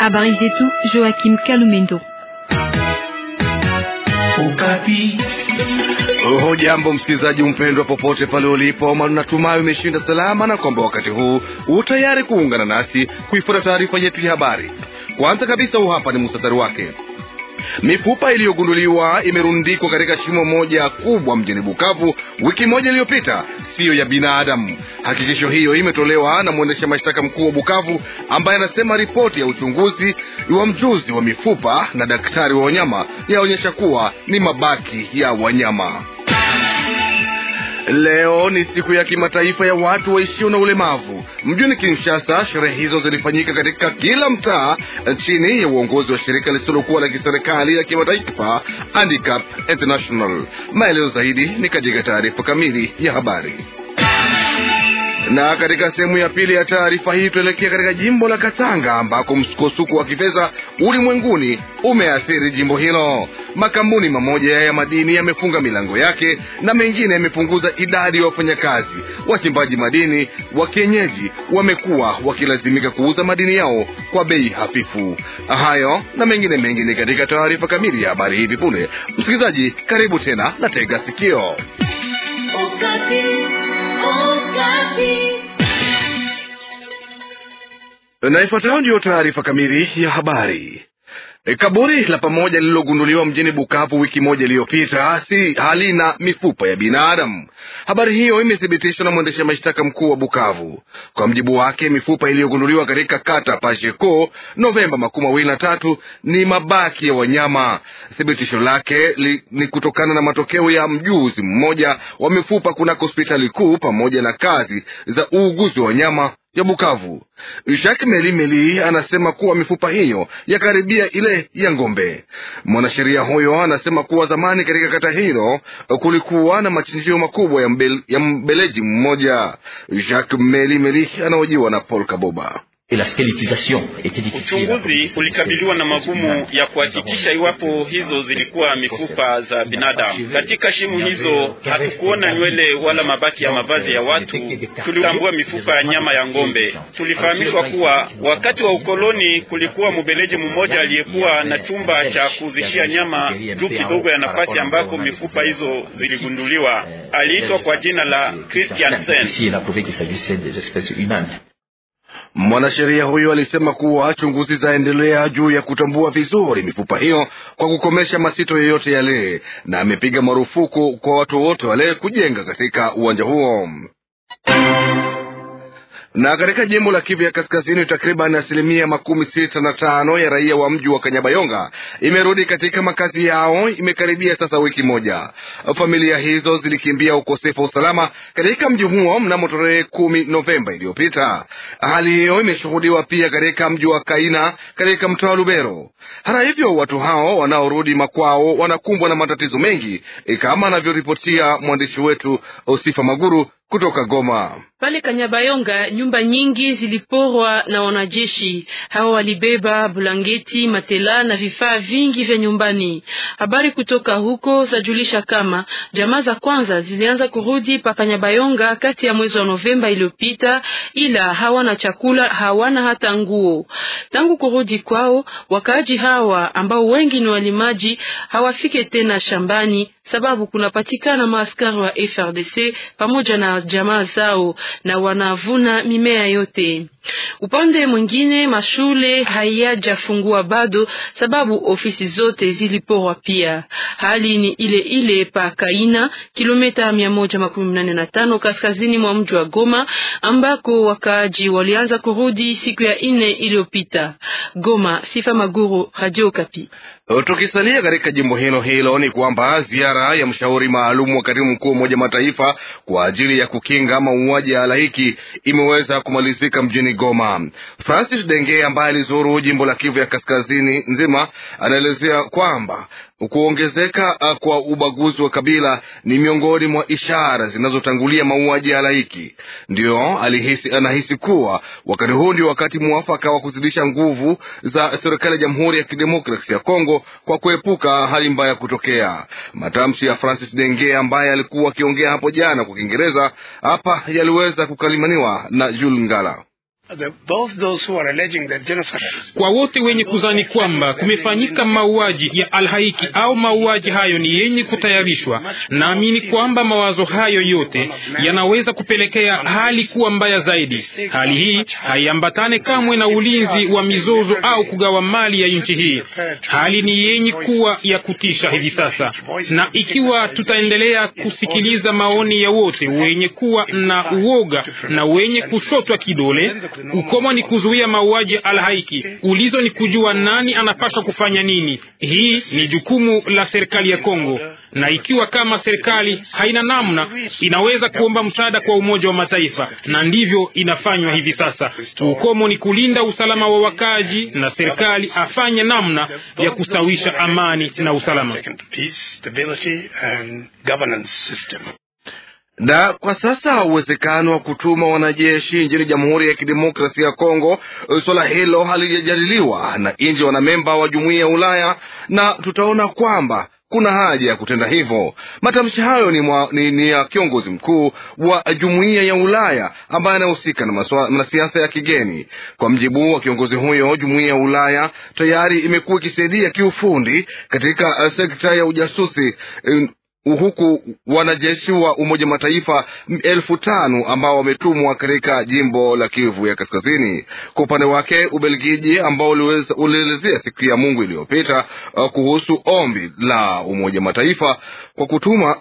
Habari zetu Joachim Kalumendo. Okapi. Oho, jambo msikilizaji mpendwa, popote pale ulipo, natumai umeshinda salama na kwamba wakati huu u tayari kuungana nasi kuifuata taarifa yetu ya habari. Kwanza kabisa, huu hapa ni muhtasari wake. Mifupa iliyogunduliwa imerundikwa katika shimo moja kubwa mjini Bukavu wiki moja iliyopita, siyo ya binadamu. Hakikisho hiyo imetolewa na mwendesha mashtaka mkuu wa Bukavu ambaye anasema ripoti ya uchunguzi wa mjuzi wa mifupa na daktari wa wanyama yaonyesha kuwa ni mabaki ya wanyama. Leo ni siku ya kimataifa ya watu waishio na ulemavu. Mjini Kinshasa, sherehe hizo zilifanyika katika kila mtaa chini ya uongozi wa shirika lisilokuwa la kiserikali ya kimataifa Handicap International. Maelezo zaidi ni katika taarifa kamili ya habari. Na katika sehemu ya pili ya taarifa hii tuelekea katika jimbo la Katanga ambako msukosuko wa kifedha ulimwenguni umeathiri jimbo hilo. Makampuni mamoja ya madini yamefunga milango yake na mengine yamepunguza idadi ya wafanyakazi. Wachimbaji madini wa kienyeji wamekuwa wakilazimika kuuza madini yao kwa bei hafifu. Hayo na mengine mengi ni katika taarifa kamili ya habari hivi punde. Msikilizaji, karibu tena na tega sikio. Okapi. na ifuatayo ndiyo taarifa kamili ya habari. Kaburi la pamoja lililogunduliwa mjini Bukavu wiki moja iliyopita si halina mifupa ya binadamu. Habari hiyo imethibitishwa na mwendesha mashtaka mkuu wa Bukavu. Kwa mjibu wake, mifupa iliyogunduliwa katika kata Pasheko Novemba makumi mawili na tatu ni mabaki ya wanyama. Thibitisho lake li, ni kutokana na matokeo ya mjuzi mmoja wa mifupa kunako hospitali kuu pamoja na kazi za uuguzi wa wanyama ya Bukavu. Jacques Melimeli anasema kuwa mifupa hiyo yakaribia ile ya ng'ombe. Mwanasheria huyo anasema kuwa zamani katika kata hilo kulikuwa na machinjio makubwa ya, ya mbeleji mmoja. Jacques Melimeli anaojiwa na Paul Kaboba. Uchunguzi ulikabiliwa na magumu ya kuhakikisha iwapo hizo zilikuwa mifupa za binadamu. Katika shimo hizo hatukuona nywele wala mabaki ya mavazi ya watu, tulitambua mifupa ya nyama ya ng'ombe. Tulifahamishwa kuwa wakati wa ukoloni kulikuwa mubeleji mmoja aliyekuwa na chumba cha kuuzishia nyama juu kidogo ya nafasi ambako mifupa hizo ziligunduliwa. Aliitwa kwa jina la Christiansen. Mwanasheria huyo alisema kuwa chunguzi zaendelea juu ya kutambua vizuri mifupa hiyo kwa kukomesha masito yoyote yale, na amepiga marufuku kwa watu wote wale kujenga katika uwanja huo. Na katika jimbo la Kivu ya Kaskazini, takriban asilimia makumi sita na tano ya raia wa mji wa Kanyabayonga imerudi katika makazi yao, imekaribia sasa wiki moja. Familia hizo zilikimbia ukosefu wa usalama katika mji huo mnamo tarehe kumi Novemba iliyopita. Hali hiyo imeshuhudiwa pia katika mji wa Kaina katika mtaa wa Lubero. Hata hivyo, watu hao wanaorudi makwao wanakumbwa na matatizo mengi kama anavyoripotia mwandishi wetu Osifa Maguru kutoka Goma. Pale Kanyabayonga nyumba nyingi ziliporwa na wanajeshi hao, walibeba bulangeti, matela na vifaa vingi vya nyumbani. Habari kutoka huko zajulisha kama jamaa za kwanza zilianza kurudi pa Kanyabayonga kati ya mwezi wa Novemba iliyopita, ila hawana chakula, hawana hata nguo. Tangu kurudi kwao, wakaaji hawa ambao wengi ni walimaji hawafike tena shambani sababu kunapatikana maaskari wa FRDC pamoja na jamaa zao na wanavuna mimea yote. Upande mwingine, mashule hayajafungua bado sababu ofisi zote ziliporwa. Pia hali ni ile ile pa Kaina, kilomita 185 kaskazini mwa mji wa Goma, ambako wakaaji walianza kurudi siku ya ine iliyopita. Goma, Sifa Maguru, Radio Kapi. Tukisalia katika jimbo hilo hilo, ni kwamba ziara ya mshauri maalum wa katibu mkuu wa Umoja Mataifa kwa ajili ya kukinga mauaji ya halaiki imeweza kumalizika mjini Goma. Francis Denge ambaye alizuru jimbo la Kivu ya kaskazini nzima anaelezea kwamba Kuongezeka ah, kwa ubaguzi wa kabila ni miongoni mwa ishara zinazotangulia mauaji ya halaiki. Ndiyo alihisi, anahisi kuwa wakati huu ndio wakati mwafaka wa kuzidisha nguvu za serikali ya Jamhuri ya kidemokrasi ya Kongo kwa kuepuka hali mbaya kutokea. Matamshi ya Francis Denge ambaye alikuwa akiongea hapo jana kwa Kiingereza hapa yaliweza kukalimaniwa na Jules Ngala. Kwa wote wenye kudhani kwamba kumefanyika mauaji ya alhaiki au mauaji hayo ni yenye kutayarishwa, naamini kwamba mawazo hayo yote yanaweza kupelekea hali kuwa mbaya zaidi. Hali hii haiambatane kamwe na ulinzi wa mizozo au kugawa mali ya nchi hii. Hali ni yenye kuwa ya kutisha hivi sasa, na ikiwa tutaendelea kusikiliza maoni ya wote wenye kuwa na uoga na wenye kushotwa kidole Ukomo ni kuzuia mauaji alhaiki Ulizo ni kujua nani anapaswa kufanya nini. Hii ni jukumu la serikali ya Kongo, na ikiwa kama serikali haina namna, inaweza kuomba msaada kwa Umoja wa Mataifa, na ndivyo inafanywa hivi sasa. Ukomo ni kulinda usalama wa wakaji na serikali afanye namna ya kusawisha amani na usalama na kwa sasa uwezekano wa kutuma wanajeshi nchini Jamhuri ya Kidemokrasia ya Kongo, eh, swala hilo halijajadiliwa na nje wanamemba wa Jumuiya ya Ulaya, na tutaona kwamba kuna haja ya kutenda hivyo. Matamshi hayo ni, ni, ni ya kiongozi mkuu wa Jumuiya ya Ulaya ambaye anahusika na, na siasa ya kigeni. Kwa mjibu wa kiongozi huyo, Jumuiya ya Ulaya tayari imekuwa ikisaidia kiufundi katika eh, sekta ya ujasusi eh, huku wanajeshi wa Umoja Mataifa elfu tano ambao wametumwa katika jimbo la Kivu ya Kaskazini. Kwa upande wake, Ubelgiji ambao ulielezea siku ya Mungu iliyopita uh, kuhusu ombi la Umoja Mataifa kwa kutuma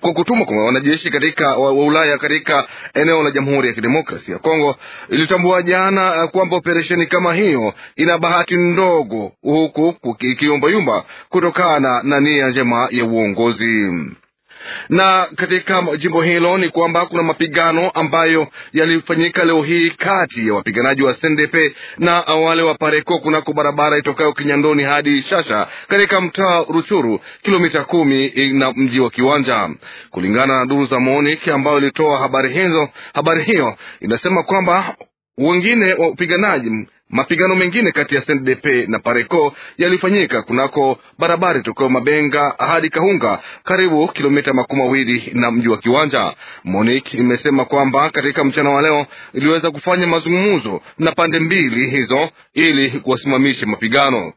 kwa kutumwa kwa wanajeshi katika wa Ulaya katika eneo la Jamhuri ya Kidemokrasia ya Kongo ilitambua jana uh, kwamba operesheni kama hiyo ina bahati ndogo, huku ikiyumbayumba kutokana na nia njema ya uongozi na katika jimbo hilo ni kwamba kuna mapigano ambayo yalifanyika leo hii kati ya wapiganaji wa Sendepe na wale wa Pareko kunako barabara itokayo Kinyandoni hadi Shasha katika mtaa Ruchuru, kilomita kumi na mji wa Kiwanja. Kulingana na duru za MONUC ambayo ilitoa habari hizo, habari hiyo inasema kwamba wengine wapiganaji Mapigano mengine kati ya SDP na Pareco yalifanyika kunako barabara tokeo Mabenga hadi Kahunga, karibu kilomita makumi mawili na mji wa Kiwanja. Monique imesema kwamba katika mchana wa leo iliweza kufanya mazungumzo na pande mbili hizo ili kuwasimamisha mapigano.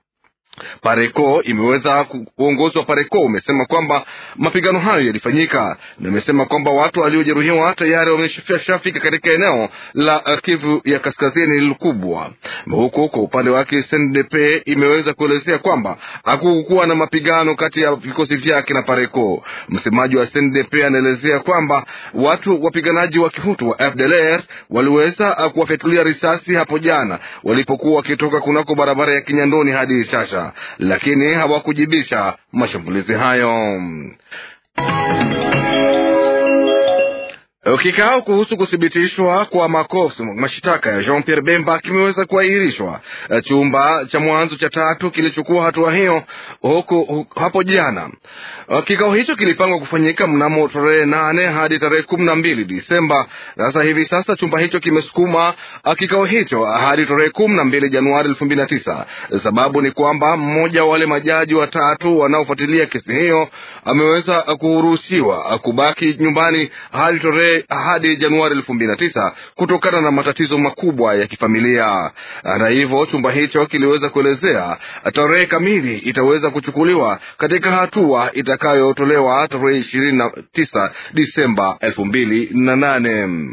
Pareco imeweza kuongozwa Pareco umesema kwamba mapigano hayo yalifanyika na imesema kwamba watu waliojeruhiwa tayari wameshafika katika eneo la uh, Kivu ya kaskazini lilikubwa huko kwa upande wake SNDP imeweza kuelezea kwamba hakukuwa na mapigano kati ya vikosi vyake na Pareco. Msemaji wa SNDP anaelezea kwamba watu wapiganaji wa kihutu wa FDLR waliweza uh, kuwafyatulia risasi hapo jana walipokuwa wakitoka kunako barabara ya Kinyandoni hadi Shasha lakini hawakujibisha mashambulizi hayo. Kikao kuhusu kuthibitishwa kwa makosa mashitaka ya Jean Pierre Bemba kimeweza kuahirishwa chumba cha mwanzo cha tatu kilichukua hatua hiyo huku hapo jana. Kikao hicho kilipangwa kufanyika mnamo tarehe nane hadi tarehe kumi na mbili Disemba. Sasa hivi sasa chumba hicho kimesukuma kikao hicho hadi tarehe kumi na mbili Januari elfu mbili na tisa. Sababu ni kwamba mmoja wa wale majaji watatu wanaofuatilia kesi hiyo ameweza kuruhusiwa kubaki nyumbani hadi tarehe hadi Januari elfu mbili na tisa kutokana na matatizo makubwa ya kifamilia. Hata hivyo, chumba hicho kiliweza kuelezea tarehe kamili itaweza kuchukuliwa katika hatua itakayotolewa tarehe ishirini na tisa Disemba elfu mbili na nane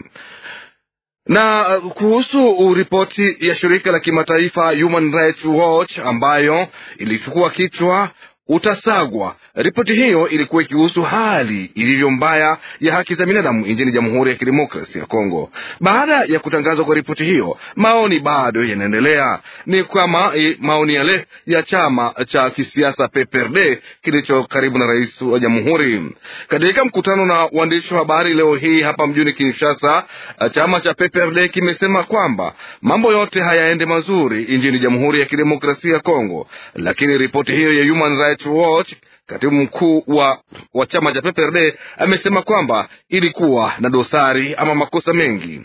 na uh, kuhusu ripoti ya shirika la kimataifa Human Rights Watch ambayo ilichukua kichwa utasagwa. Ripoti hiyo ilikuwa ikihusu hali ilivyo mbaya ya haki za binadamu nchini Jamhuri ya Kidemokrasia ya Kongo. Baada ya kutangazwa kwa ripoti hiyo, maoni bado yanaendelea. Ni kama e, maoni yale ya chama cha kisiasa PPRD kilicho karibu na rais wa jamhuri. Katika mkutano na waandishi wa habari leo hii hapa mjini Kinshasa, chama cha PPRD kimesema kwamba mambo yote hayaende mazuri nchini Jamhuri ya Kidemokrasia ya Kongo, lakini ripoti hiyo ya Human Rights Right Watch, katibu mkuu wa, wa chama cha PPRD amesema kwamba ilikuwa na dosari ama makosa mengi.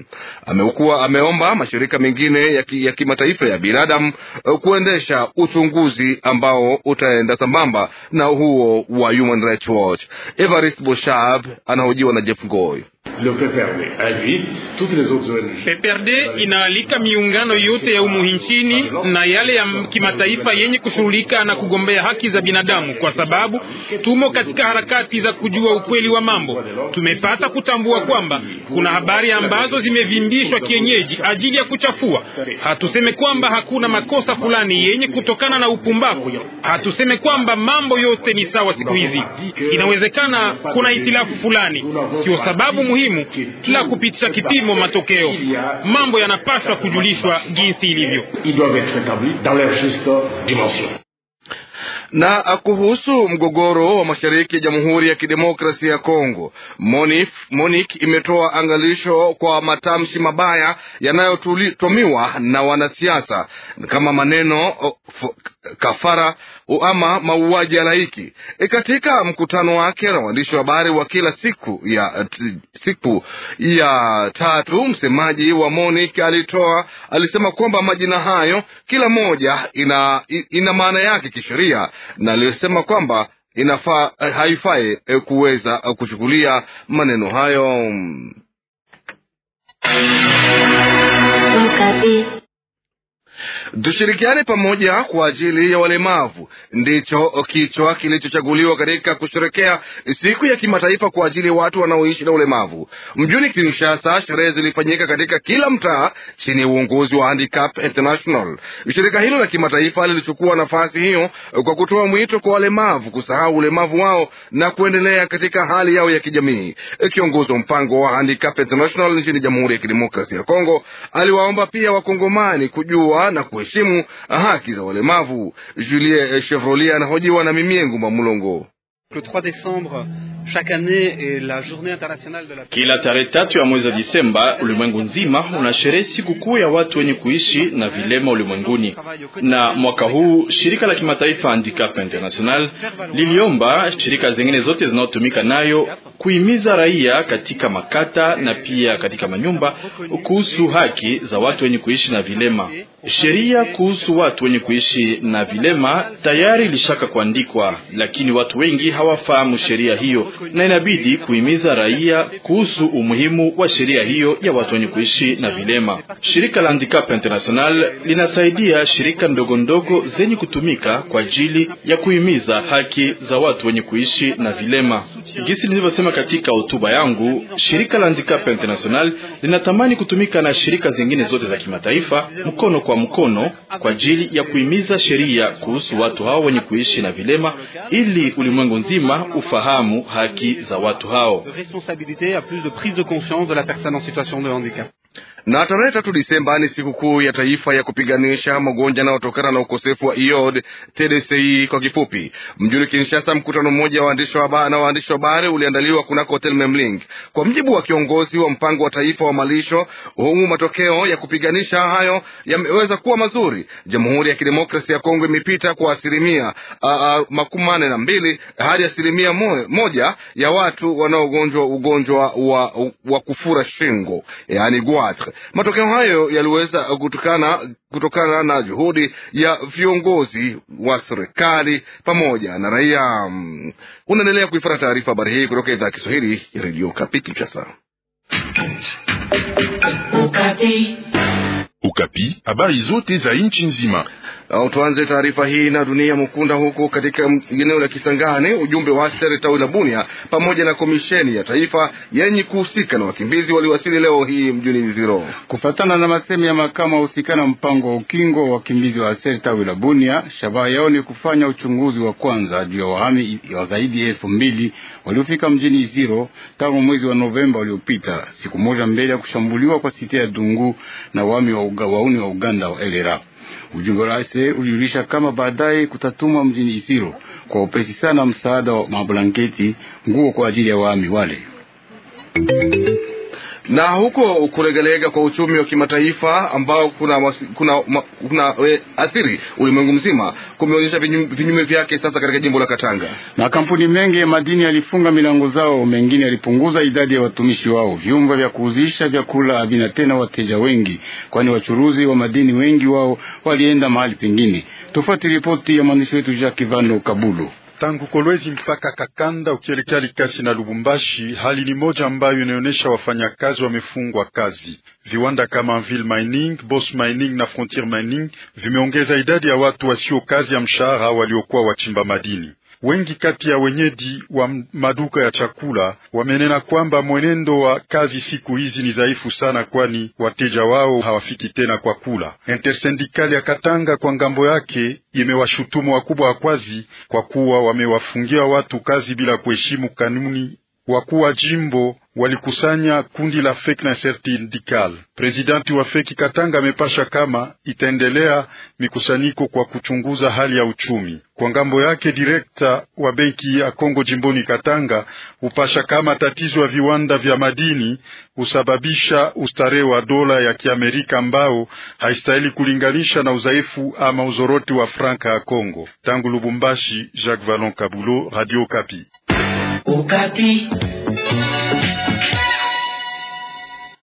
Amekuwa ameomba mashirika mengine ya kimataifa ya, ya binadamu uh, kuendesha uchunguzi ambao utaenda sambamba na huo wa Human Rights Watch. Evarist Boshab anahojiwa na Jeff Goy. PPRD inaalika miungano yote ya umu nchini na yale ya kimataifa yenye kushughulika na kugombea haki za binadamu, kwa sababu tumo katika harakati za kujua ukweli wa mambo. Tumepata kutambua kwamba kuna habari ambazo zimevimbishwa kienyeji ajili ya kuchafua. Hatuseme kwamba hakuna makosa fulani yenye kutokana na upumbavu, hatuseme kwamba mambo yote ni sawa siku hizi. Inawezekana kuna itilafu fulani, sio sababu muhimu na kupitisha kipimo matokeo. Mambo yanapaswa kujulishwa jinsi ilivyo na kuhusu mgogoro wa mashariki ya Jamhuri ya Kidemokrasia ya Kongo, MONIK imetoa angalisho kwa matamshi mabaya yanayotumiwa na wanasiasa kama maneno kafara ama mauaji ya laiki. E, katika mkutano wake na waandishi wa habari wa kila siku ya siku ya tatu, msemaji wa MONUC alitoa alisema kwamba majina hayo kila moja ina, ina maana yake kisheria na aliyosema kwamba inafaa haifai e, kuweza kuchukulia maneno hayo. Tushirikiane pamoja kwa ajili ya walemavu, ndicho kichwa kilichochaguliwa katika kusherekea siku ya kimataifa kwa ajili ya watu wanaoishi na ulemavu mjini Kinshasa. Sherehe zilifanyika katika kila mtaa chini ya uongozi wa Handicap International. Shirika hilo la kimataifa lilichukua nafasi hiyo kwa kutoa mwito kwa walemavu kusahau ulemavu wao na kuendelea katika hali yao ya kijamii. Kiongozi wa mpango wa Handicap International nchini Jamhuri ya Kidemokrasia ya Kongo aliwaomba pia wakongomani kujua na ku kuheshimu haki za walemavu. Julie eh, chevrolie anahojiwa na Mimiengu Mamulongo. Le 3 décembre chaque année est la journée internationale de la... Kila tarehe tatu ya mwezi wa Disemba ulimwengu nzima unasherehe sikukuu ya watu wenye kuishi na vilema ulimwenguni, na mwaka huu shirika la kimataifa Handicap International liliomba shirika zingine zote zinazotumika nayo kuhimiza raia katika makata na pia katika manyumba kuhusu haki za watu wenye kuishi na vilema. Sheria kuhusu watu wenye kuishi na vilema tayari ilishaka kuandikwa, lakini watu wengi hawafahamu sheria hiyo, na inabidi kuhimiza raia kuhusu umuhimu wa sheria hiyo ya watu wenye kuishi na vilema. Shirika la Handicap International linasaidia shirika ndogo ndogo zenye kutumika kwa ajili ya kuhimiza haki za watu wenye kuishi na vilema. Gisi nilivyosema katika hotuba yangu, shirika la Handicap International linatamani kutumika na shirika zingine zote za kimataifa mkono kwa mkono kwa ajili ya kuhimiza sheria kuhusu watu hao wenye kuishi na vilema ili ulimwengu de responsabilité à plus de prise de conscience de la personne en situation de handicap. Na tarehe tatu Disemba ni sikukuu ya taifa ya kupiganisha magonjwa yanayotokana na ukosefu wa iod TDCI kwa kifupi. Mjini Kinshasa, mkutano mmoja na waandishi wa habari uliandaliwa kunako hotel Memling. Kwa mjibu wa kiongozi wa mpango wa taifa wa malisho humu, matokeo ya kupiganisha hayo yameweza kuwa mazuri. Jamhuri ya kidemokrasi ya Kongo imepita kwa asilimia makumi manne na mbili hadi asilimia moja ya watu wanaogonjwa ugonjwa wa, wa kufura shingo, yani gwatre Matokeo hayo yaliweza kutokana kutokana na juhudi ya viongozi wa serikali pamoja na raia. Mm, unaendelea kuifata taarifa habari hii kutoka idhaa ya Kiswahili ya redio Kapi Kinshasa. Ukapi, habari zote za nchi nzima. Au tuanze taarifa hii na dunia mkunda huko katika eneo la Kisangani. Ujumbe wa asere tawi la Bunia pamoja na komisheni ya taifa yenye kuhusika na wakimbizi waliwasili leo hii mjini Ziro. Kufatana na masemi ya makamu na mpango wa ukingo wa wakimbizi wa asere tawi la Bunia, shabaha yao ni kufanya uchunguzi wa kwanza juu ya wahami wa zaidi ya elfu mbili waliofika mjini Ziro tangu mwezi wa Novemba uliopita, siku moja mbele ya kushambuliwa kwa site ya Dungu na wahami wa uga wauni wa Uganda wa LRA. Ujumbe wa rais ulijulisha kama baadaye kutatumwa mjini Isiro kwa upesi sana msaada wa mablanketi, nguo kwa ajili ya waami wale. Na huko kuregelega kwa uchumi wa kimataifa ambao kuna, kuna, kuna we, eh, athiri ulimwengu mzima kumeonyesha vinyume vyake sasa katika jimbo la Katanga. Makampuni mengi ya madini yalifunga milango zao, mengine yalipunguza idadi ya watumishi wao. Vyumba vya kuuzisha vyakula havina tena wateja wengi, kwani wachuruzi wa madini wengi wao walienda mahali pengine. Tofauti ripoti ya mwandishi wetu Jacques Vano Kabulu. Tangu Kolwezi mpaka Kakanda ukielekea Likasi na Lubumbashi, hali ni moja ambayo inaonyesha wafanyakazi wamefungwa kazi. Viwanda kama Anvil Mining, Boss Mining na Frontier Mining vimeongeza idadi ya watu wasio kazi ya mshahara waliokuwa wachimba madini. Wengi kati ya wenyeji wa maduka ya chakula wamenena kwamba mwenendo wa kazi siku hizi ni dhaifu sana, kwani wateja wao hawafiki tena kwa kula. Intersendikali ya Katanga kwa ngambo yake imewashutumu wakubwa wa kwazi kwa kuwa wamewafungia watu kazi bila kuheshimu kanuni wakuu wa jimbo walikusanya kundi la FEC na Serdikali. Prezidenti wa FEC Katanga amepasha kama itaendelea mikusanyiko kwa kuchunguza hali ya uchumi. Kwa ngambo yake, direkta wa benki ya Kongo jimboni Katanga hupasha kama tatizo ya viwanda vya madini husababisha ustarehe wa dola ya Kiamerika ambao haistahili kulinganisha na udhaifu ama uzoroti wa franka ya Kongo. Tangu Lubumbashi, Jacques Vallon Kabulo, Radio Kapi. Bugatti.